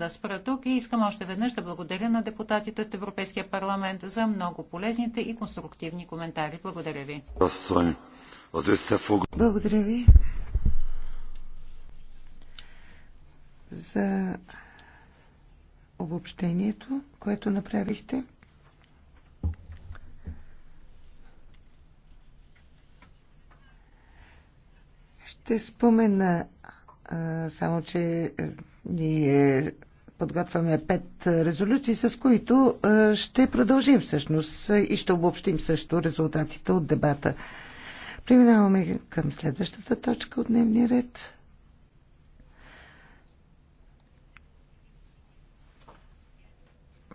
да спра тук и искам още веднъж да благодаря на депутатите от Европейския парламент за много полезните и конструктивни коментари. Благодаря ви. Благодаря ви за обобщението, което направихте. Ще спомена само, че е, ние подготвяме пет резолюции, с които е, ще продължим всъщност е, и ще обобщим също резултатите от дебата. Преминаваме към следващата точка от дневния ред.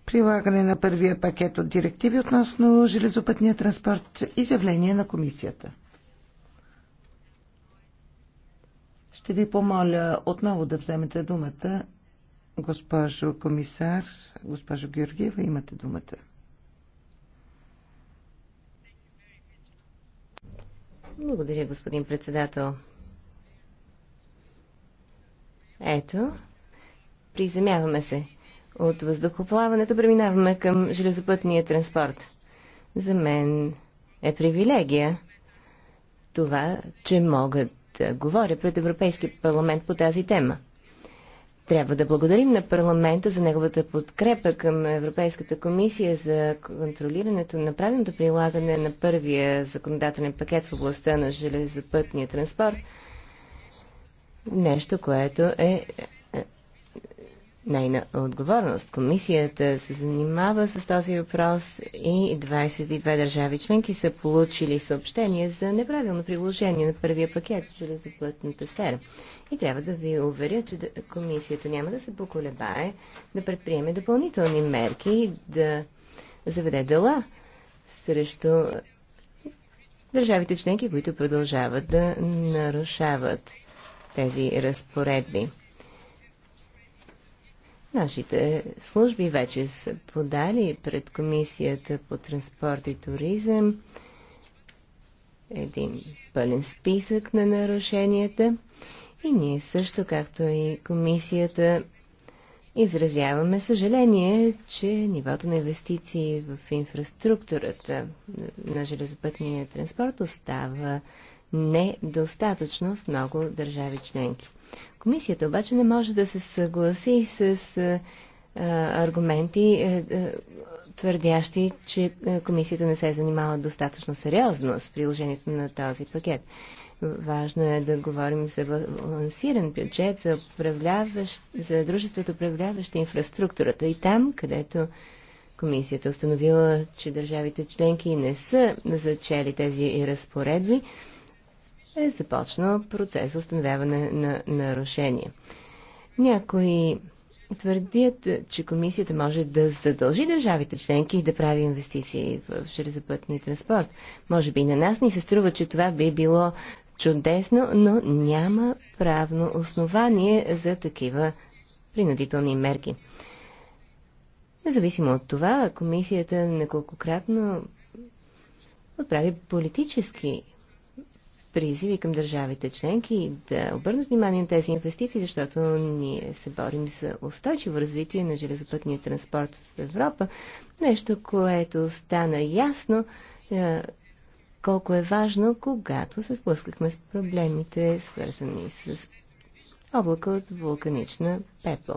Прилагане на първия пакет от директиви относно железопътния транспорт. и заявление на комисията. Ще ви помоля отново да вземете думата Госпожо комисар, госпожо Георгиева, имате думата. Благодаря, господин председател. Ето, приземяваме се. От въздухоплаването преминаваме към железопътния транспорт. За мен е привилегия това, че мога да говоря пред Европейския парламент по тази тема. Трябва да благодарим на парламента за неговата подкрепа към Европейската комисия за контролирането на правилното прилагане на първия законодателен пакет в областта на железопътния транспорт. Нещо, което е нейна отговорност. Комисията се занимава с този въпрос и 22 държави членки са получили съобщение за неправилно приложение на първия пакет в железопътната сфера. И трябва да ви уверя, че комисията няма да се поколебае да предприеме допълнителни мерки и да заведе дела срещу държавите членки, които продължават да нарушават тези разпоредби. Нашите служби вече са подали пред Комисията по транспорт и туризъм един пълен списък на нарушенията и ние също, както и комисията, изразяваме съжаление, че нивото на инвестиции в инфраструктурата на железопътния транспорт остава недостатъчно в много държави членки. Комисията обаче не може да се съгласи с аргументи, е, е, твърдящи, че е, комисията не се е занимава достатъчно сериозно с приложението на този пакет. Важно е да говорим за балансиран бюджет, за, за дружеството управляваща инфраструктурата. И там, където комисията установила, че държавите членки не са зачели тези разпоредби, е започнал процес за установяване на нарушения. Някои твърдят, че комисията може да задължи държавите членки да прави инвестиции в железопътния транспорт. Може би и на нас ни се струва, че това би било чудесно, но няма правно основание за такива принудителни мерки. Независимо от това, комисията неколкократно отправи политически призиви към държавите членки да обърнат внимание на тези инвестиции, защото ние се борим за устойчиво развитие на железопътния транспорт в Европа. Нещо, което стана ясно е, колко е важно, когато се сблъскахме с проблемите, свързани с облака от вулканична пепел.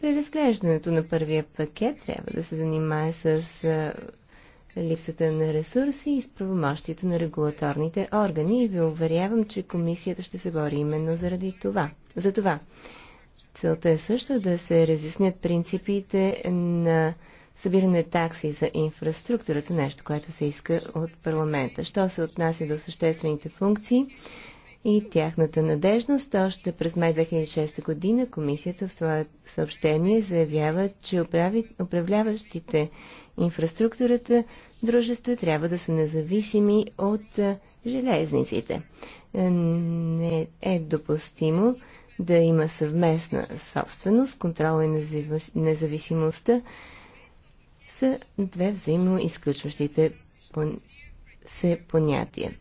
При разглеждането на първия пакет трябва да се занимае с е, липсата на ресурси и справомощието на регулаторните органи и ви уверявам, че комисията ще се бори именно заради това. За това. Целта е също да се разяснят принципите на събиране такси за инфраструктурата, нещо, което се иска от парламента. Що се отнася до съществените функции, и тяхната надежност. Още през май 2006 година комисията в своя съобщение заявява, че управи, управляващите инфраструктурата дружества трябва да са независими от железниците. Е, не е допустимо да има съвместна собственост, контрола и независимостта са две взаимно изключващите се понятия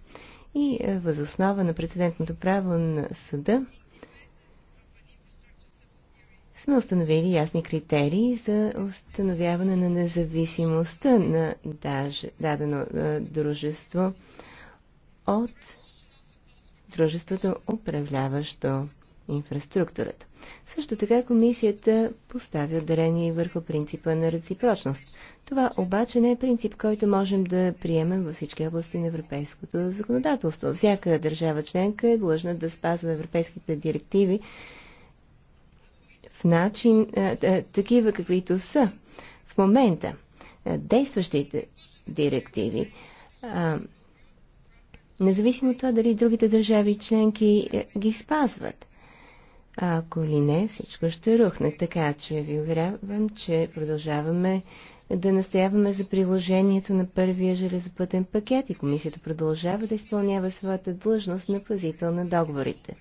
и е, възоснова на прецедентното право на съда сме установили ясни критерии за установяване на независимостта на дадено е, дружество от дружеството, управляващо инфраструктурата. Също така комисията поставя дарение върху принципа на реципрочност. Това обаче не е принцип, който можем да приемем във всички области на европейското законодателство. Всяка държава членка е длъжна да спазва европейските директиви в начин, такива каквито са в момента. Действащите директиви независимо от това дали другите държави членки е, ги спазват. Ако ли не, всичко ще рухне. Така че ви уверявам, че продължаваме да настояваме за приложението на първия железопътен пакет и комисията продължава да изпълнява своята длъжност на пазител на договорите.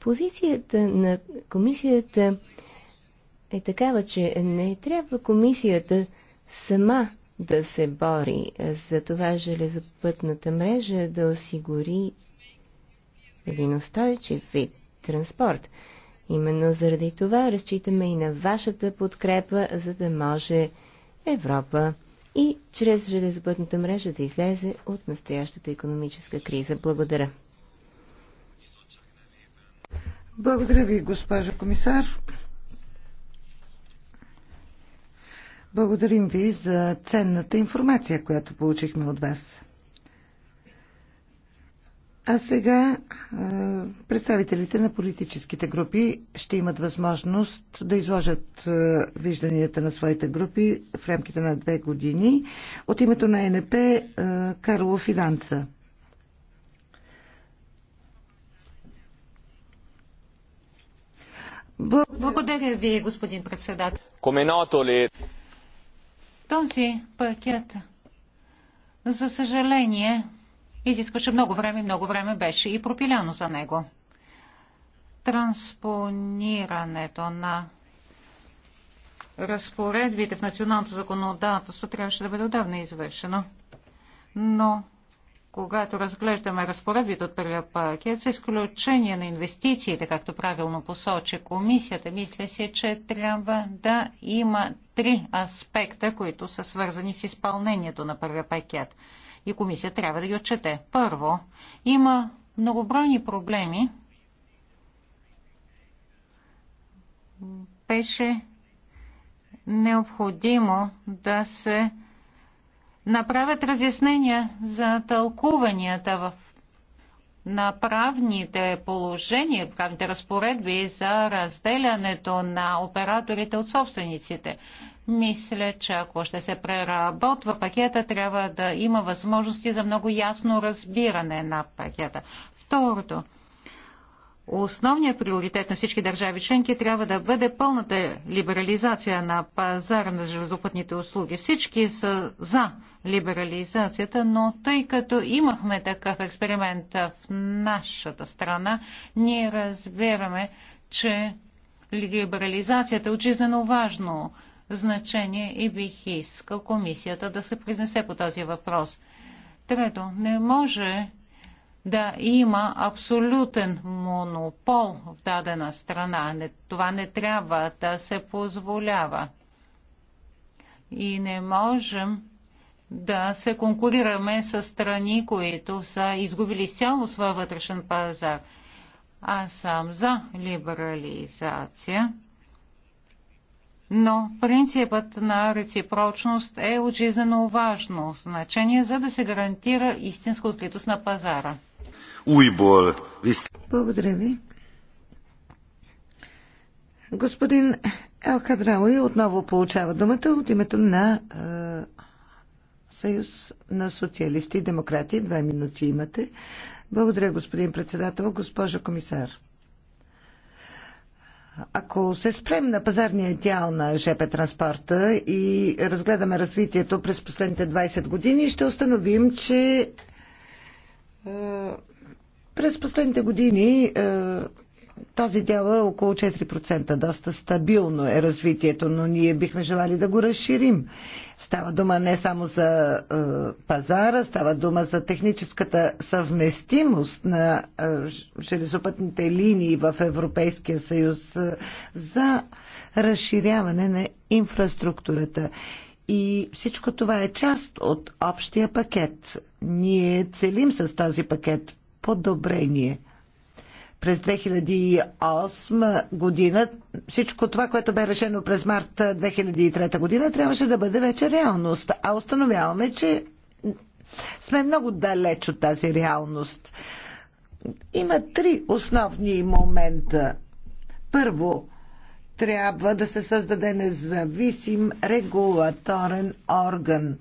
Позицията на комисията е такава, че не трябва комисията сама да се бори за това железопътната мрежа да осигури един устойчив вид транспорт. Именно заради това разчитаме и на вашата подкрепа, за да може Европа и чрез железопътната мрежа да излезе от настоящата економическа криза. Благодаря. Благодаря ви, госпожа комисар. Благодарим ви за ценната информация, която получихме от вас. А сега представителите на политическите групи ще имат възможност да изложат вижданията на своите групи в рамките на две години. От името на НП Карло Фиданца. Благодаря ви, господин председател. Коменото ли? Този пакет, за съжаление, изискваше много време, много време беше и пропиляно за него. Транспонирането на разпоредбите в националното законодателство трябваше да бъде отдавна извършено. Но когато разглеждаме разпоредбите от първия пакет, с изключение на инвестициите, както правилно посочи комисията, мисля си, че трябва да има три аспекта, които са свързани с изпълнението на първия пакет и комисия трябва да ги отчете. Първо, има многобройни проблеми. Беше необходимо да се направят разяснения за тълкуванията в на правните положения, правните разпоредби за разделянето на операторите от собствениците. Мисля, че ако ще се преработва пакета, трябва да има възможности за много ясно разбиране на пакета. Второто. Основният приоритет на всички държави членки трябва да бъде пълната либерализация на пазара на железопътните услуги. Всички са за либерализацията, но тъй като имахме такъв експеримент в нашата страна, ние разбираме, че либерализацията е очизнено важно значение и бих искал комисията да се произнесе по този въпрос. Трето, не може да има абсолютен монопол в дадена страна. Не, това не трябва да се позволява. И не можем да се конкурираме с страни, които са изгубили цяло своя вътрешен пазар. Аз съм за либерализация но принципът на реципрочност е от жизнено важно значение, за да се гарантира истинска откритост на пазара. Благодаря ви. Господин Елкадрауи отново получава думата от името на е, Съюз на социалисти и демократи. Две минути имате. Благодаря, господин председател, госпожа комисар. Ако се спрем на пазарния дял на ЖП транспорта и разгледаме развитието през последните 20 години, ще установим, че е, през последните години е, този дял е около 4%. Доста стабилно е развитието, но ние бихме желали да го разширим. Става дума не само за е, пазара, става дума за техническата съвместимост на е, железопътните линии в Европейския съюз е, за разширяване на инфраструктурата. И всичко това е част от общия пакет. Ние целим с този пакет подобрение през 2008 година, всичко това, което бе решено през март 2003 година, трябваше да бъде вече реалност. А установяваме, че сме много далеч от тази реалност. Има три основни момента. Първо, трябва да се създаде независим регулаторен орган,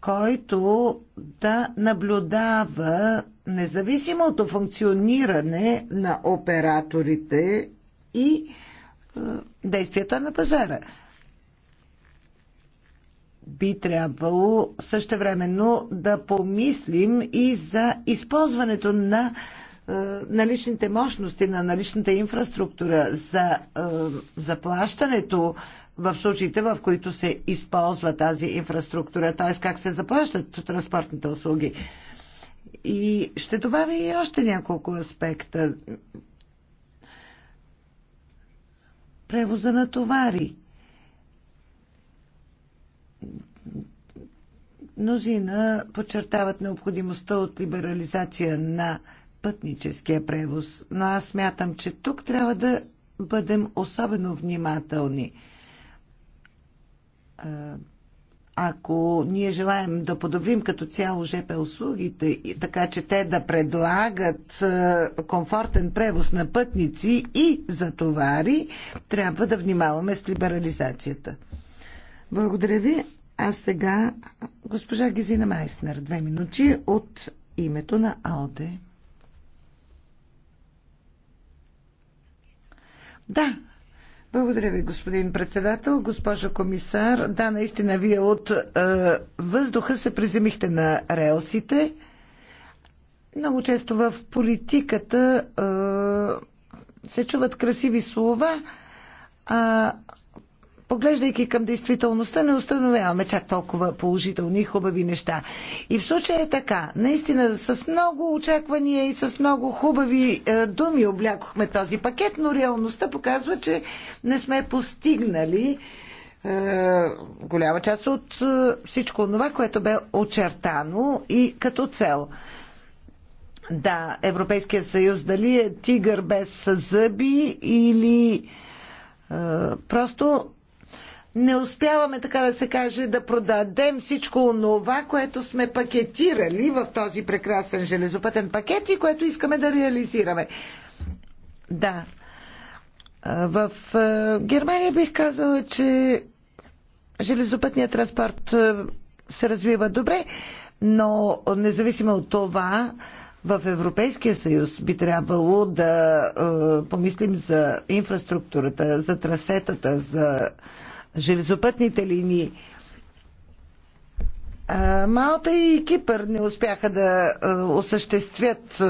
който да наблюдава независимото функциониране на операторите и е, действията на пазара. Би трябвало същевременно да помислим и за използването на е, наличните мощности, на наличната инфраструктура, за е, заплащането в случаите, в които се използва тази инфраструктура, т.е. как се заплащат транспортните услуги. И ще добавя и още няколко аспекта. Превоза на товари. Мнозина подчертават необходимостта от либерализация на пътническия превоз, но аз смятам, че тук трябва да бъдем особено внимателни ако ние желаем да подобрим като цяло ЖП услугите, така че те да предлагат е, комфортен превоз на пътници и за товари, трябва да внимаваме с либерализацията. Благодаря ви. А сега госпожа Гизина Майснер, две минути от името на АОДЕ. Да, благодаря ви, господин председател. Госпожо комисар, да, наистина вие от е, въздуха се приземихте на релсите. Много често в политиката е, се чуват красиви слова, а поглеждайки към действителността, не установяваме чак толкова положителни и хубави неща. И в случая е така. Наистина, с много очаквания и с много хубави е, думи облякохме този пакет, но реалността показва, че не сме постигнали е, голяма част от е, всичко това, което бе очертано и като цел. Да, Европейския съюз дали е тигър без зъби или е, просто не успяваме, така да се каже, да продадем всичко онова, което сме пакетирали в този прекрасен железопътен пакет и което искаме да реализираме. Да. В Германия бих казала, че железопътният транспорт се развива добре, но независимо от това, в Европейския съюз би трябвало да помислим за инфраструктурата, за трасетата, за железопътните линии. Малта и Кипър не успяха да осъществят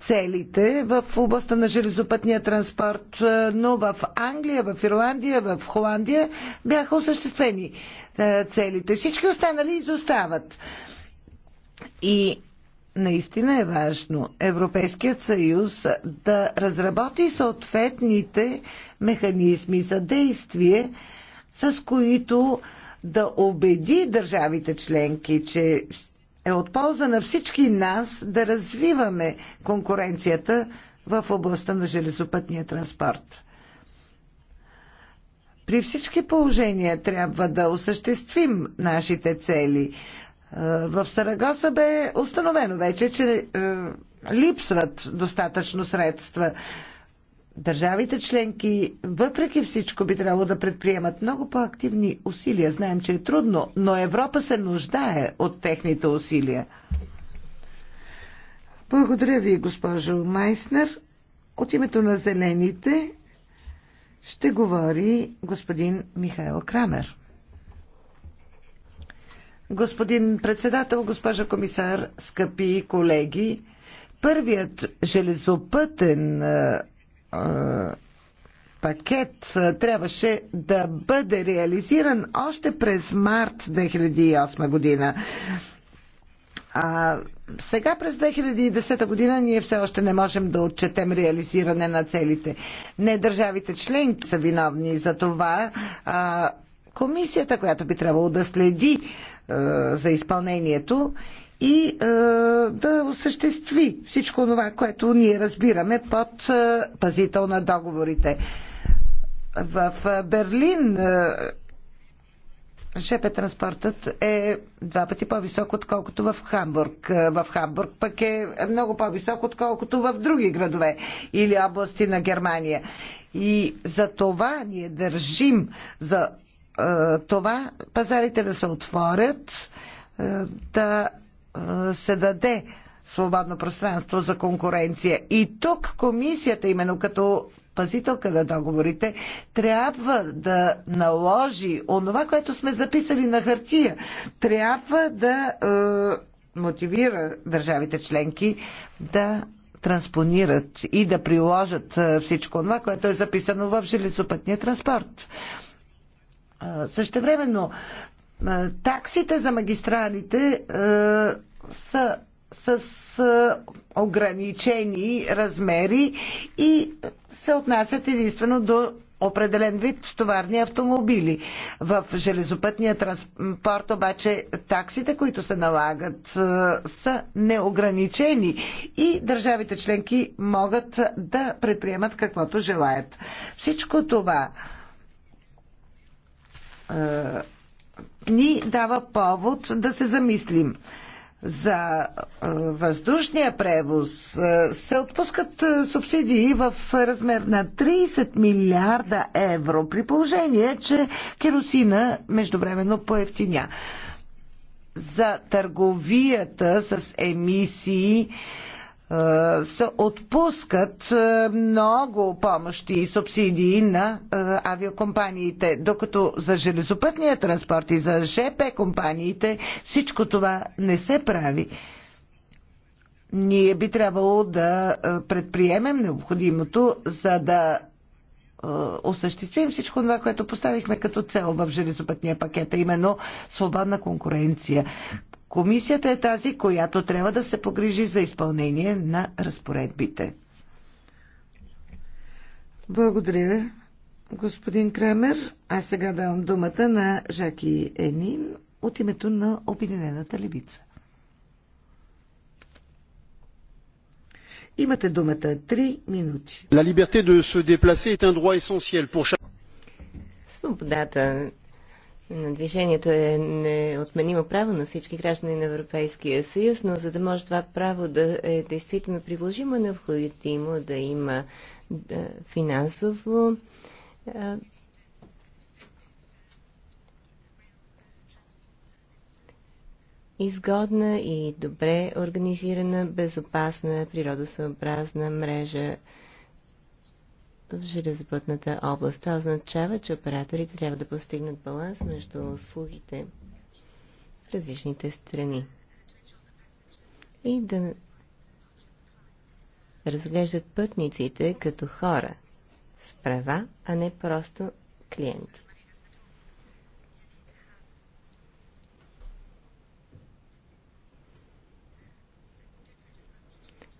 целите в областта на железопътния транспорт, но в Англия, в Ирландия, в Холандия бяха осъществени целите. Всички останали изостават. И наистина е важно Европейският съюз да разработи съответните механизми за действие, с които да убеди държавите членки, че е от полза на всички нас да развиваме конкуренцията в областта на железопътния транспорт. При всички положения трябва да осъществим нашите цели. Е, в Сарагоса бе установено вече, че е, липсват достатъчно средства. Държавите членки, въпреки всичко, би трябвало да предприемат много по-активни усилия. Знаем, че е трудно, но Европа се нуждае от техните усилия. Благодаря ви, госпожо Майснер. От името на Зелените ще говори господин Михаил Крамер. Господин председател, госпожа комисар, скъпи колеги, първият железопътен пакет трябваше да бъде реализиран още през март 2008 година. А сега през 2010 година ние все още не можем да отчетем реализиране на целите. Не държавите членки са виновни за това. А, комисията, която би трябвало да следи а, за изпълнението, и е, да осъществи всичко това, което ние разбираме под е, пазител на договорите. В е, Берлин е, ЖП транспортът е два пъти по-висок, отколкото в Хамбург. Е, в Хамбург пък е много по-висок, отколкото в други градове или области на Германия. И за това ние държим за е, това пазарите да се отворят, е, да се даде свободно пространство за конкуренция. И тук комисията, именно като пазителка на договорите, трябва да наложи онова, което сме записали на хартия. Трябва да е, мотивира държавите членки да транспонират и да приложат всичко това, което е записано в железопътния транспорт. Същевременно е, таксите за магистралите е, са с е, ограничени размери и се отнасят единствено до определен вид товарни автомобили. В железопътния транспорт обаче таксите, които се налагат, са неограничени и държавите членки могат да предприемат каквото желаят. Всичко това ни дава повод да се замислим. За е, въздушния превоз е, се отпускат е, субсидии в размер на 30 милиарда евро, при положение, че керосина междувременно поевтиня. За търговията с емисии се отпускат много помощи и субсидии на авиокомпаниите, докато за железопътния транспорт и за ЖП компаниите всичко това не се прави. Ние би трябвало да предприемем необходимото, за да осъществим всичко това, което поставихме като цел в железопътния пакет, а именно свободна конкуренция. Комисията е тази, която трябва да се погрижи за изпълнение на разпоредбите. Благодаря, господин Кремер. А сега давам думата на Жаки Енин от името на Обединената левица. Имате думата. Три минути. La liberté de se déplacer est un droit essentiel pour chaque... Свободата на движението е неотменимо право на всички граждани на Европейския съюз, но за да може това право да е действително приложимо, е необходимо да има финансово изгодна и добре организирана, безопасна, природосъобразна мрежа в железопътната област. Това означава, че операторите трябва да постигнат баланс между услугите в различните страни и да разглеждат пътниците като хора с права, а не просто клиенти.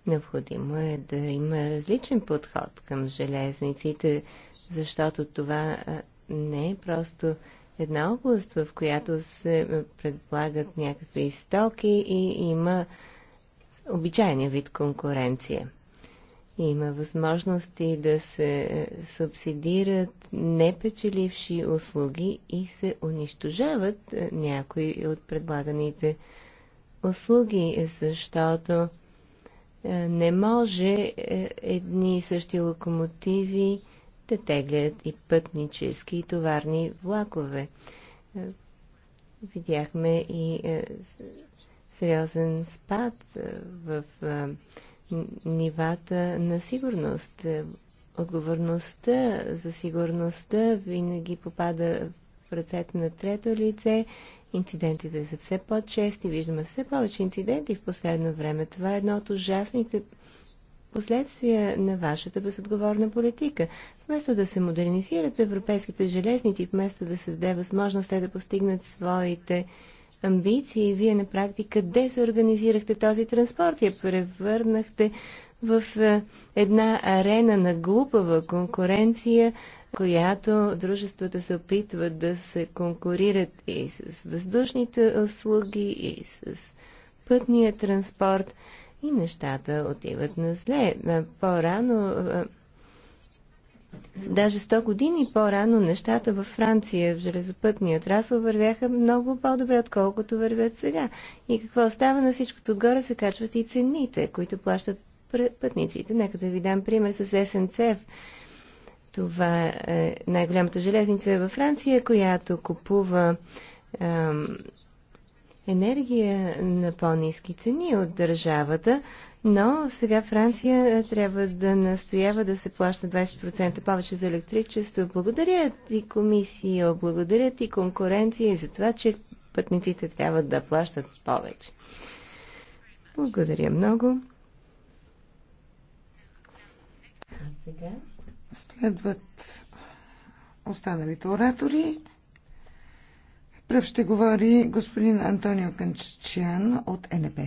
Необходимо е да има различен подход към железниците, защото това не е просто една област, в която се предлагат някакви стоки и има обичайния вид конкуренция. Има възможности да се субсидират непечеливши услуги и се унищожават някои от предлаганите услуги, защото е, не може е, едни и същи локомотиви да теглят и пътнически и товарни влакове. Е, видяхме и сериозен спад в нивата на сигурност. Отговорността за сигурността винаги попада в ръцете на трето лице Инцидентите са все по-чести, виждаме все повече инциденти в последно време. Това е едно от ужасните последствия на вашата безотговорна политика. Вместо да се модернизират европейските железници, вместо да се даде възможност те да постигнат своите амбиции, вие на практика дезорганизирахте този транспорт и я превърнахте в е, една арена на глупава конкуренция която дружествата се опитват да се конкурират и с въздушните услуги, и с пътния транспорт и нещата отиват на зле. По-рано, даже 100 години по-рано, нещата във Франция в железопътния отрасъл вървяха много по-добре, отколкото вървят сега. И какво става на всичкото отгоре, се качват и цените, които плащат пътниците. Нека да ви дам пример с СНЦФ това е най-голямата железница във Франция, която купува е, енергия на по-низки цени от държавата, но сега Франция е, трябва да настоява да се плаща 20% повече за електричество. Благодаря ти комисия, благодаря ти конкуренция и за това, че пътниците трябва да плащат повече. Благодаря много. А сега? Следват останалите оратори. Пръв ще говори господин Антонио Канчичиан от НП.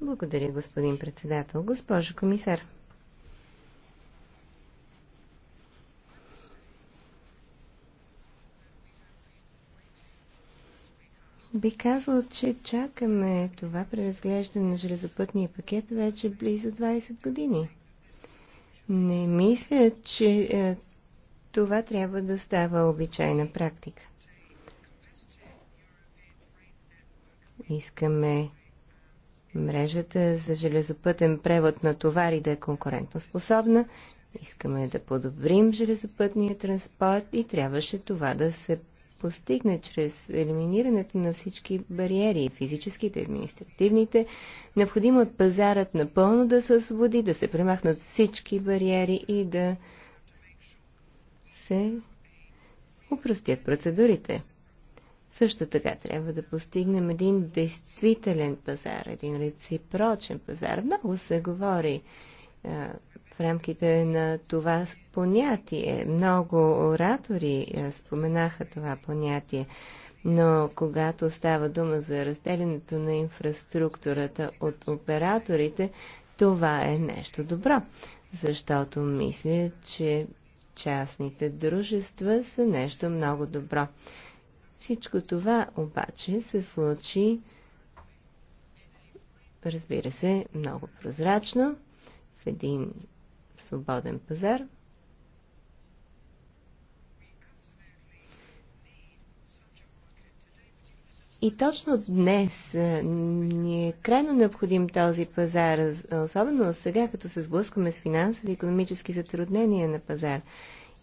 Благодаря, господин председател. Госпожо комисар. Би казал, че чакаме това преразглеждане на железопътния пакет вече близо 20 години. Не мисля, че е, това трябва да става обичайна практика. Искаме мрежата за железопътен превод на товари да е конкурентно способна. Искаме да подобрим железопътния транспорт и трябваше това да се постигне чрез елиминирането на всички бариери, физическите, административните. Необходимо е пазарът напълно да се освободи, да се премахнат всички бариери и да се упростят процедурите. Също така трябва да постигнем един действителен пазар, един реципрочен пазар. Много се говори в рамките на това понятие. Много оратори е, споменаха това понятие. Но когато става дума за разделянето на инфраструктурата от операторите, това е нещо добро, защото мисля, че частните дружества са нещо много добро. Всичко това обаче се случи, разбира се, много прозрачно, в един свободен пазар. И точно днес ни е крайно необходим този пазар, особено сега, като се сблъскаме с финансови и економически затруднения на пазар.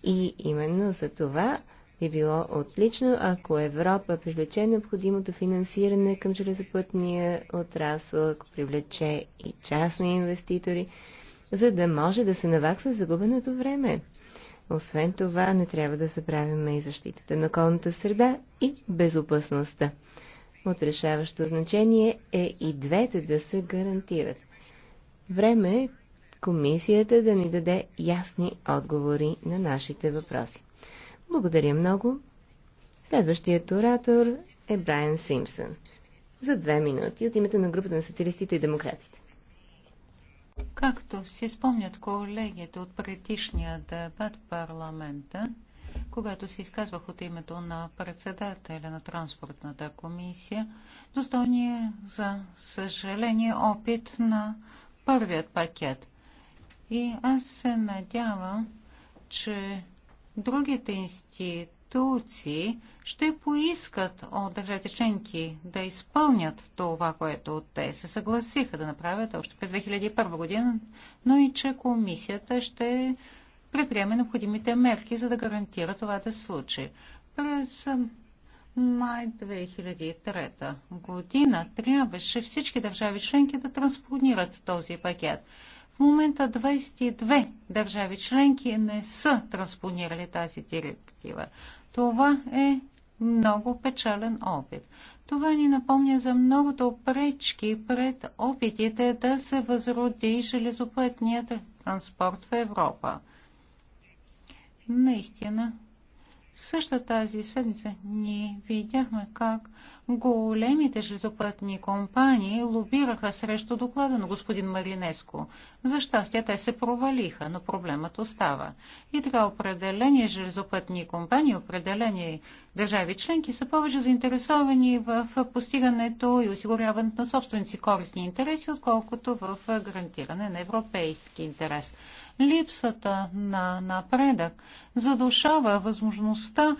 И именно за това би било отлично, ако Европа привлече необходимото финансиране към железопътния отрасъл, ако привлече и частни инвеститори за да може да се навакса загубеното време. Освен това, не трябва да забравяме и защитата на околната среда и безопасността. Отрешаващо значение е и двете да се гарантират. Време е комисията да ни даде ясни отговори на нашите въпроси. Благодаря много. Следващият оратор е Брайан Симпсън. За две минути от името на групата на социалистите и демократите. Както си спомнят колегите от предишния дебат в парламента, когато се изказвах от името на председателя на транспортната комисия, достойния за съжаление опит на първият пакет. И аз се надявам, че другите институции институции ще поискат от държавите членки да изпълнят това, което те се съгласиха да направят още през 2001 година, но и че комисията ще предприеме необходимите мерки, за да гарантира това да се случи. През май 2003 година трябваше всички държави членки да транспонират този пакет. В момента 22 държави членки не са транспонирали тази директива. Това е много печален опит. Това ни напомня за многото пречки пред опитите да се възроди железопътният транспорт в Европа. Наистина, също тази седмица ние видяхме как големите железопътни компании лобираха срещу доклада на господин Маринеско. За щастие те се провалиха, но проблемът остава. И така определени железопътни компании, определени държави членки са повече заинтересовани в постигането и осигуряването на собственици корисни интереси, отколкото в гарантиране на европейски интерес липсата на напредък задушава възможността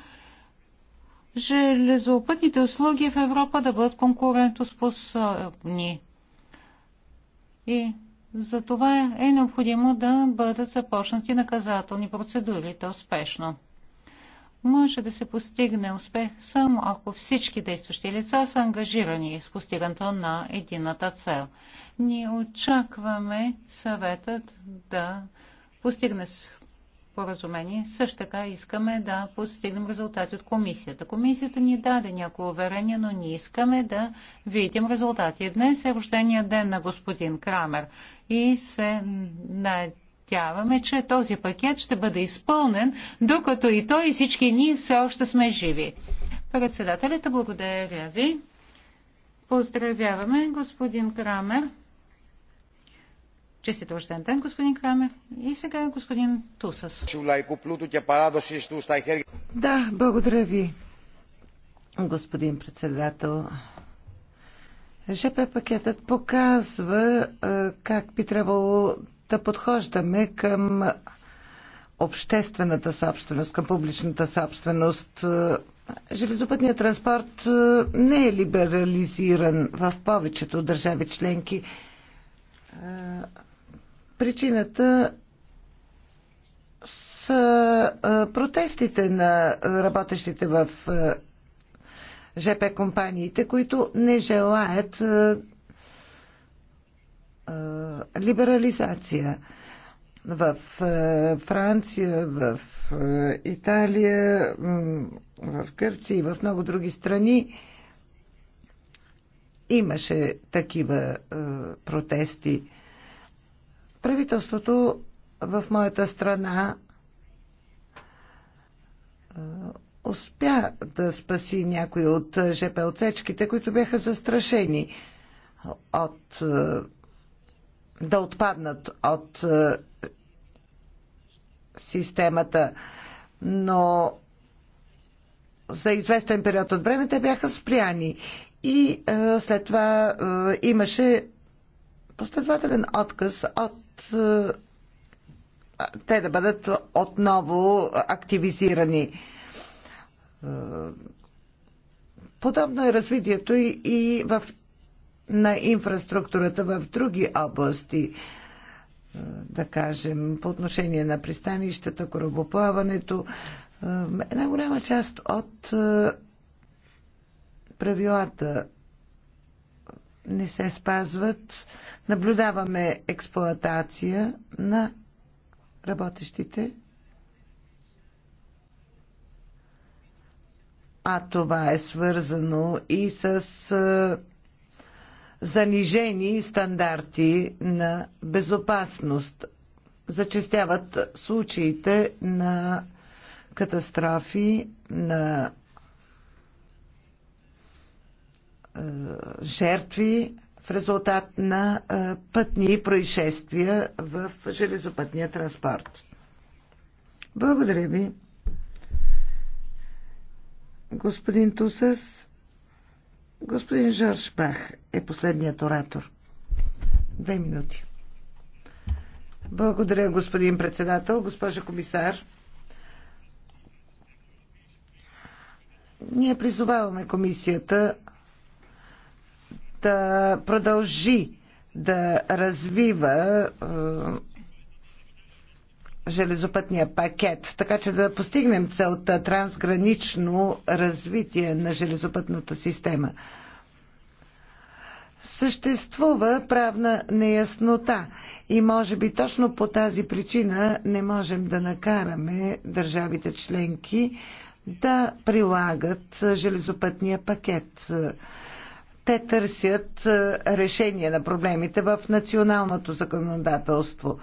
железопътните услуги в Европа да бъдат конкурентоспособни. И за това е необходимо да бъдат започнати наказателни процедури, то е спешно може да се постигне успех само ако всички действащи лица са ангажирани с постигането на едината цел. Ние очакваме съветът да постигне споразумение. Също така искаме да постигнем резултати от комисията. Комисията ни даде някои уверения, но ние искаме да видим резултати. Днес е рождения ден на господин Крамер и се надяваме надяваме, че този пакет ще бъде изпълнен, докато и той и всички ние все още сме живи. Председателята, благодаря ви. Поздравяваме господин Крамер. Честит още ден, господин Крамер. И сега господин Тусас. Да, благодаря ви, господин председател. ЖП пакетът показва как би трябвало да подхождаме към обществената собственост, към публичната собственост. Железопътният транспорт е, не е либерализиран в повечето държави членки. Е, причината са е, протестите на работещите в ЖП компаниите, които не желаят либерализация в Франция, в Италия, в Гърция и в много други страни имаше такива протести. Правителството в моята страна успя да спаси някои от ЖП отсечките, които бяха застрашени от да отпаднат от е, системата, но за известен период от време те бяха спряни. И е, след това е, имаше последователен отказ от е, те да бъдат отново активизирани. Е, подобно е развитието и, и в на инфраструктурата в други области е, да кажем, по отношение на пристанищата, корабоплаването. Е, една голяма част от е, правилата не се спазват. Наблюдаваме експлоатация на работещите. А това е свързано и с занижени стандарти на безопасност. Зачестяват случаите на катастрофи, на е, жертви в резултат на е, пътни происшествия в железопътния транспорт. Благодаря ви. Господин Тусас, Господин Жорж Бах е последният оратор. Две минути. Благодаря, господин председател, госпожа комисар. Ние призоваваме комисията да продължи да развива железопътния пакет, така че да постигнем целта трансгранично развитие на железопътната система. Съществува правна неяснота и може би точно по тази причина не можем да накараме държавите членки да прилагат железопътния пакет. Те търсят решение на проблемите в националното законодателство.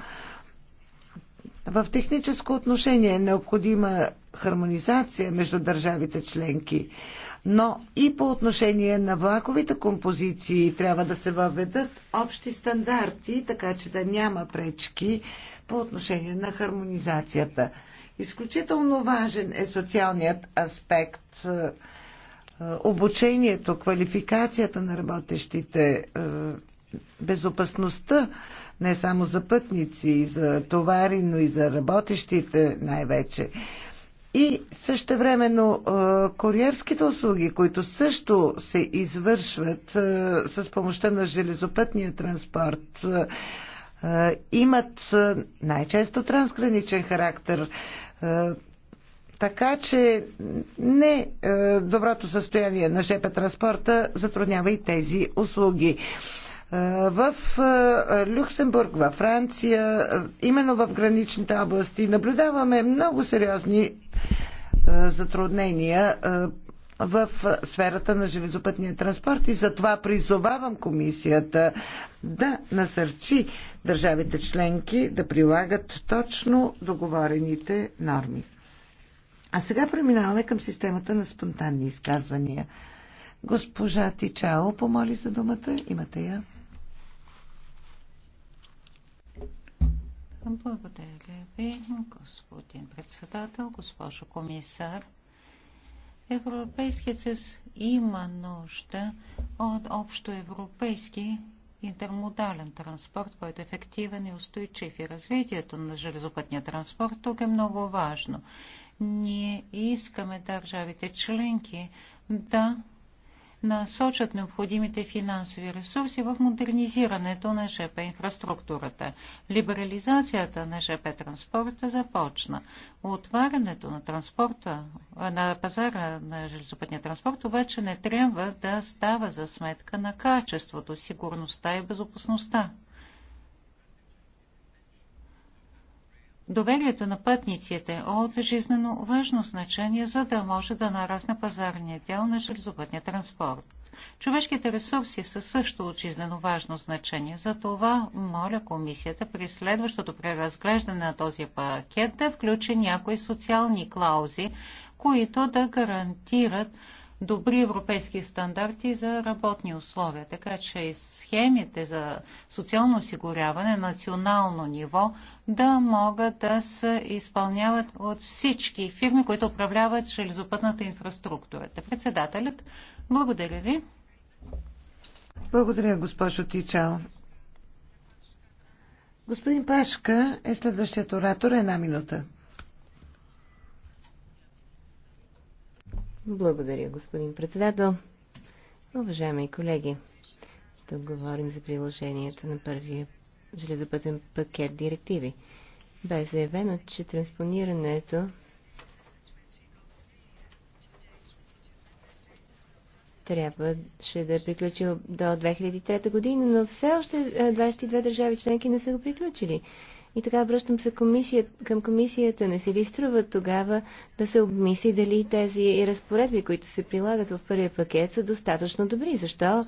В техническо отношение е необходима хармонизация между държавите членки, но и по отношение на влаковите композиции трябва да се въведат общи стандарти, така че да няма пречки по отношение на хармонизацията. Изключително важен е социалният аспект, е, е, обучението, квалификацията на работещите, е, безопасността не само за пътници, и за товари, но и за работещите най-вече. И също времено куриерските услуги, които също се извършват с помощта на железопътния транспорт, имат най-често трансграничен характер. Така че не доброто състояние на ЖП транспорта затруднява и тези услуги. Е, в е, Люксембург, във Франция, е, именно в граничните области, наблюдаваме много сериозни затруднения в сферата на железопътния транспорт и затова призовавам комисията да насърчи държавите членки да прилагат точно договорените норми. А сега преминаваме към системата на спонтанни изказвания. Госпожа Тичао помоли за думата. Имате я. Благодаря ви, господин председател, госпожо комисар. Европейският съюз има нужда от общо европейски интермодален транспорт, който е ефективен и устойчив. И развитието на железопътния транспорт тук е много важно. Ние искаме държавите членки да насочат необходимите финансови ресурси в модернизирането на ЖП инфраструктурата. Либерализацията на ЖП транспорта започна. Отварянето на транспорта, на пазара на железопътния транспорт обаче не трябва да става за сметка на качеството, сигурността и безопасността Доверието на пътниците е от жизнено важно значение, за да може да нарасне пазарния дял на железопътния транспорт. Човешките ресурси са също от жизнено важно значение. Затова моля комисията при следващото преразглеждане на този пакет да включи някои социални клаузи, които да гарантират добри европейски стандарти за работни условия. Така че и схемите за социално осигуряване на национално ниво да могат да се изпълняват от всички фирми, които управляват железопътната инфраструктура. Председателят, благодаря ви. Благодаря, госпожо Тичал. Господин Пашка е следващият оратор. Една минута. Благодаря, господин председател. Уважаеми колеги, тук говорим за приложението на първия железопътен пакет директиви. Бе заявено, че транспонирането трябваше да е приключил до 2003 година, но все още 22 държави членки не са го приключили. И така връщам се комисия, към комисията. Не се ли струва тогава да се обмисли дали тези разпоредби, които се прилагат в първия пакет, са достатъчно добри? Защо?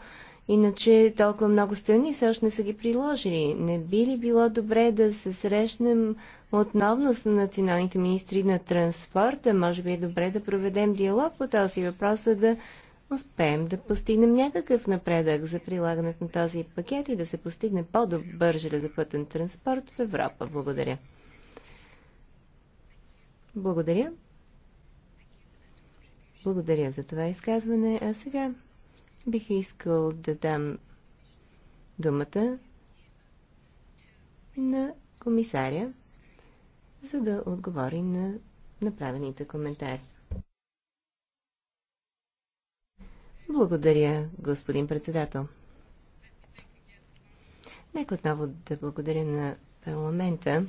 Иначе толкова много страни все още не са ги приложили. Не би ли било добре да се срещнем отново с националните министри на транспорта? Може би е добре да проведем диалог по този въпрос, за да успеем да постигнем някакъв напредък за прилагането на този пакет и да се постигне по-добър железопътен транспорт в Европа. Благодаря. Благодаря. Благодаря за това изказване. А сега бих искал да дам думата на комисаря, за да отговори на направените коментари. Благодаря, господин председател. Нека отново да благодаря на парламента.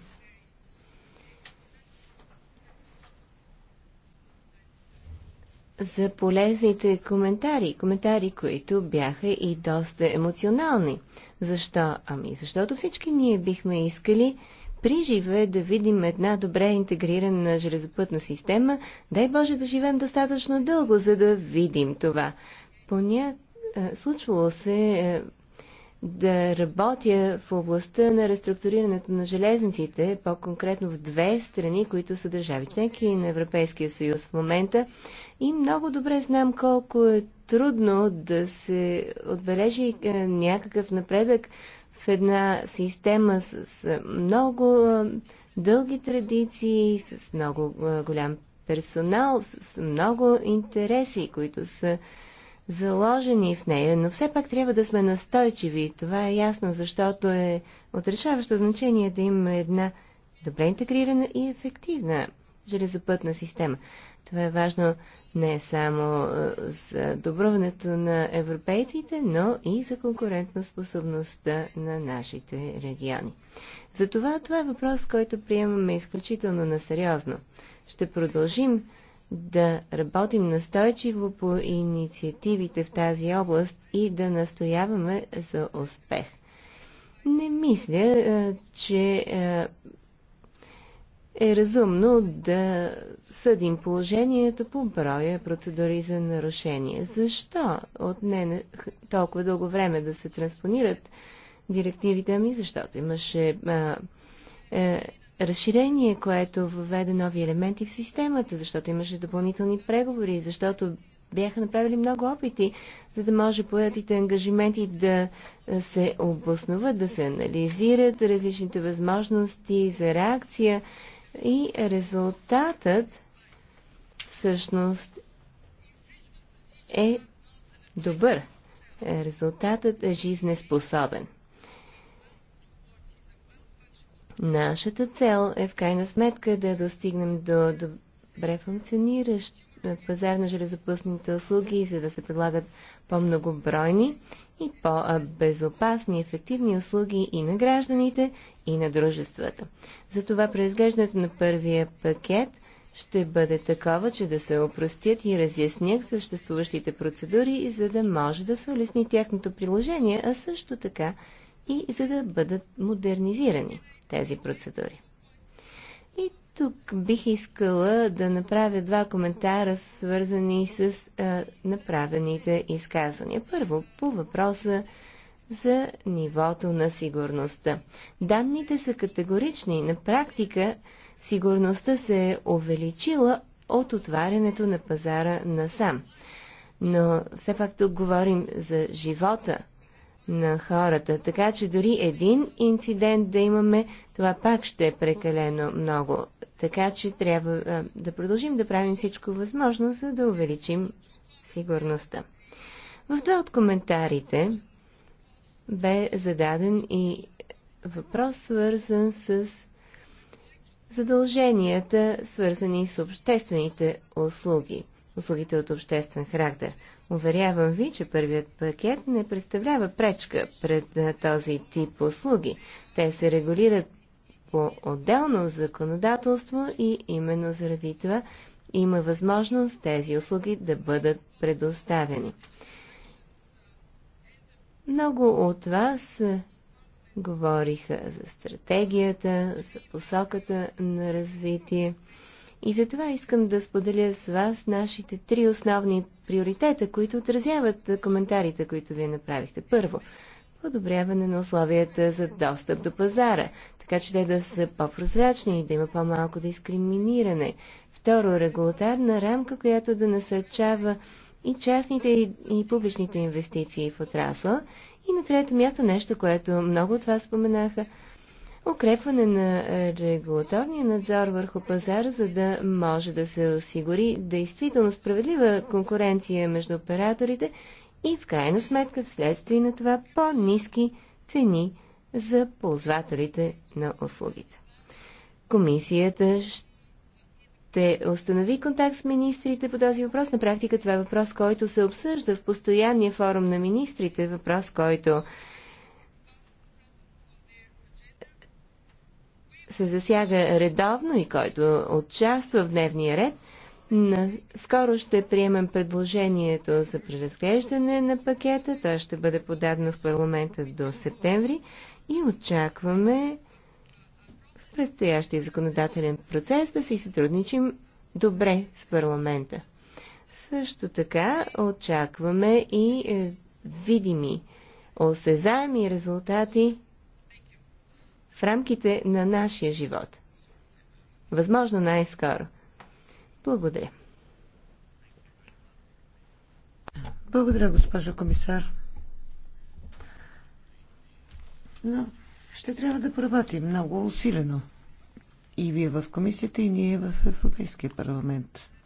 за полезните коментари. Коментари, които бяха и доста емоционални. Защо? Ами, защото всички ние бихме искали при живе да видим една добре интегрирана железопътна система. Дай Боже да живеем достатъчно дълго, за да видим това. Поня... Случвало се е, да работя в областта на реструктурирането на железниците, по-конкретно в две страни, които са държави членки на Европейския съюз в момента. И много добре знам колко е трудно да се отбележи е, някакъв напредък в една система с много е, дълги традиции, с много голям персонал, с много интереси, които са заложени в нея, но все пак трябва да сме настойчиви. Това е ясно, защото е отрешаващо значение да имаме една добре интегрирана и ефективна железопътна система. Това е важно не само за доброването на европейците, но и за конкурентоспособността на нашите региони. Затова това е въпрос, който приемаме изключително насериозно. Ще продължим да работим настойчиво по инициативите в тази област и да настояваме за успех. Не мисля, е, че е, е разумно да съдим положението по броя процедури за нарушение. Защо от не толкова дълго време да се транспонират директивите? ми, защото имаше е, разширение, което въведе нови елементи в системата, защото имаше допълнителни преговори, защото бяха направили много опити, за да може поетите ангажименти да се обосноват, да се анализират различните възможности за реакция и резултатът всъщност е добър. Резултатът е жизнеспособен. Нашата цел е в крайна сметка да достигнем до добре функциониращ е, пазар на железопътните услуги, за да се предлагат по-многобройни и по-безопасни, ефективни услуги и на гражданите, и на дружествата. Затова преизглеждането на първия пакет ще бъде такова, че да се опростят и разяснят съществуващите процедури, за да може да се улесни тяхното приложение, а също така и за да бъдат модернизирани тези процедури. И тук бих искала да направя два коментара, свързани с а, направените изказвания. Първо, по въпроса за нивото на сигурността. Данните са категорични. На практика сигурността се е увеличила от отварянето на пазара насам. Но все пак тук говорим за живота на хората. Така че дори един инцидент да имаме, това пак ще е прекалено много. Така че трябва да продължим да правим всичко възможно, за да увеличим сигурността. В два от коментарите бе зададен и въпрос, свързан с задълженията, свързани с обществените услуги услугите от обществен характер. Уверявам ви, че първият пакет не представлява пречка пред този тип услуги. Те се регулират по отделно законодателство и именно заради това има възможност тези услуги да бъдат предоставени. Много от вас говориха за стратегията, за посоката на развитие. И затова искам да споделя с вас нашите три основни приоритета, които отразяват коментарите, които вие направихте. Първо, подобряване на условията за достъп до пазара, така че те да са по-прозрачни и да има по-малко дискриминиране. Второ, регулатарна рамка, която да насърчава и частните и, публичните инвестиции в отрасла. И на трето място нещо, което много от вас споменаха – укрепване на регулаторния надзор върху пазара, за да може да се осигури действително справедлива конкуренция между операторите и в крайна сметка вследствие на това по-низки цени за ползвателите на услугите. Комисията ще установи контакт с министрите по този въпрос. На практика това е въпрос, който се обсъжда в постоянния форум на министрите, въпрос, който се засяга редовно и който участва в дневния ред, скоро ще приемем предложението за преразглеждане на пакета. Той ще бъде подадено в парламента до септември и очакваме в предстоящия законодателен процес да си сътрудничим добре с парламента. Също така очакваме и е, видими, осезаеми резултати в рамките на нашия живот. Възможно най-скоро. Благодаря. Благодаря, госпожо комисар. Но ще трябва да поработим много усилено. И вие в комисията, и ние в Европейския парламент.